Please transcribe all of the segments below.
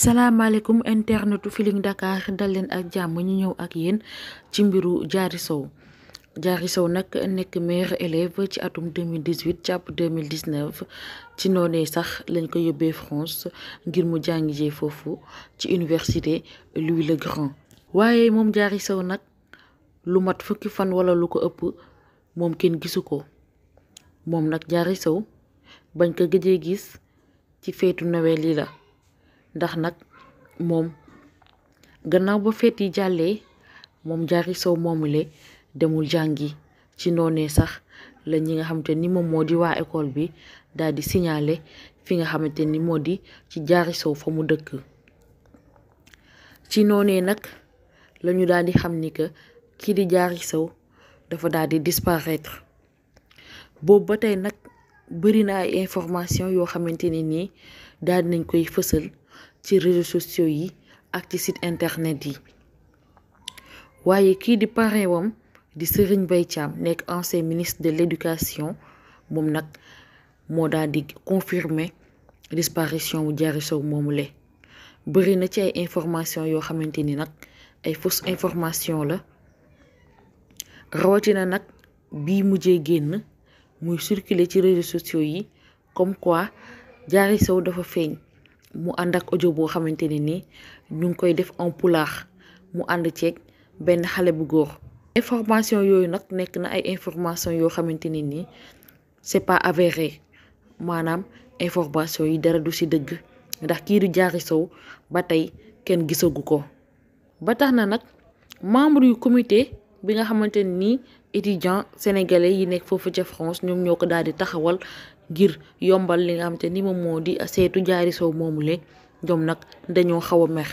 salaamaaleykum internetu Feeling Dakar dal leen ak jàmm ñu ñëw ak yéen ci mbiru Diary Sow jaari Sow nag nekk meilleur élève ci atum 2018 jàpp 2019 ci noonee sax lañ ko yóbbee France ngir mu jàngi jee foofu ci université Louis le Grand waaye moom jaari Sow nag lu mat fukki fan wala lu ko ëpp moom kenn gisu ko moom nag jaari Sow bañ ko gëjee gis ci feetu Noël yi la ndax nag moom gannaaw ba feet jàllee moom Diary Sow moomule demul jàngi ci noonee sax la ñi nga xamante ni moom moo di waa école bi daal di signaler fi nga xamante ni moo di ci Diary Sow fa mu dëkk ci noonee nag lañu ñu daal di xam ni que kii di Diary Sow dafa daal di disparaître boobu ba tey nag bëri na ay information yoo xamante ne nii daldi nañ koy fësal ci réseaux sociaux yi ak ci site internet yi waaye kii di parrain di Serigne bay Thiam nekk ancien ministre de l'éducation moom nag moo daal di confirmer disparition wu Diary Sow moomu le bëri na ci ay information yoo xamante ni nag ay fausse information la rawatina nag bii mujjee génn muy circuler ci réseaux sociaux yi comme quoi Diary Sow dafa feeñ mu ànd ak audio boo xamante ne ni ñu ngi koy def en pulaar mu ànd ceeg benn xale bu góor information yooyu nag nekk na ay information yoo xamante ne ni c'est pas avéré maanaam information yi dara du ci dëgg ndax kii di Diary Sow ba tey kenn gisagu ko ba tax na nag membre yu comité bi nga xamante nii étudiants sénégalais yi nekk foofu ca France ñoom ñoo ko daal di taxawal ngir yombal li nga xamante ni moom moo di seetu jaari Sow moomule ñoom nag dañoo xaw a mer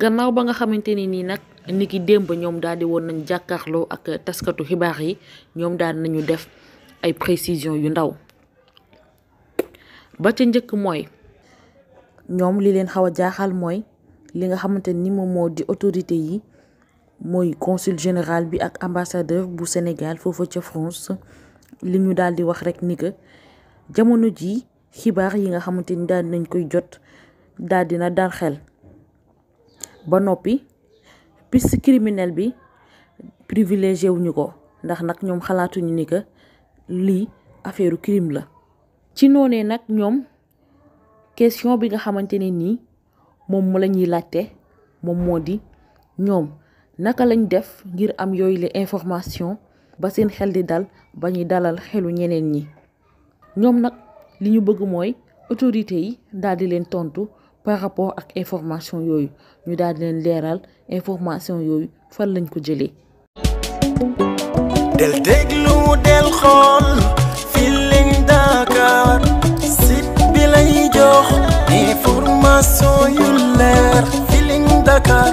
gannaaw ba nga xamante ni nii nag nit ki démb ñoom daal di woon nañ jàkkaarloo ak taskatu xibaar yi ñoom daal nañu def ay précision yu ndaw ba ca njëkk mooy ñoom li leen xaw a jaaxal mooy li nga xamante ni moom moo di autorité yi mooy consul général bi ak ambassadeur bu Sénégal foofa ca France li ñu daal wax rek ni que jamono ji xibaar yi nga xamante ni daal nañ koy jot daal dina dal xel ba noppi piste criminelle bi privilégié wuñu ko ndax nag ñoom xalaatuñu ni que lii affaire crime la ci noonee nag ñoom question bi nga xamante ne nii moom mu la ñuy laajte moom moo di ñoom naka lañ def ngir am yooyule information ba seen xel di dal ba ñuy dalal xelu ñeneen ñi ñoom nag li ñu bëgg mooy autorité yi daal di leen tontu par rapport ak information yooyu ñu daal di leen leeral information yooyu fan lañ ko jëlee. del déglu del xool Feeling Dakar.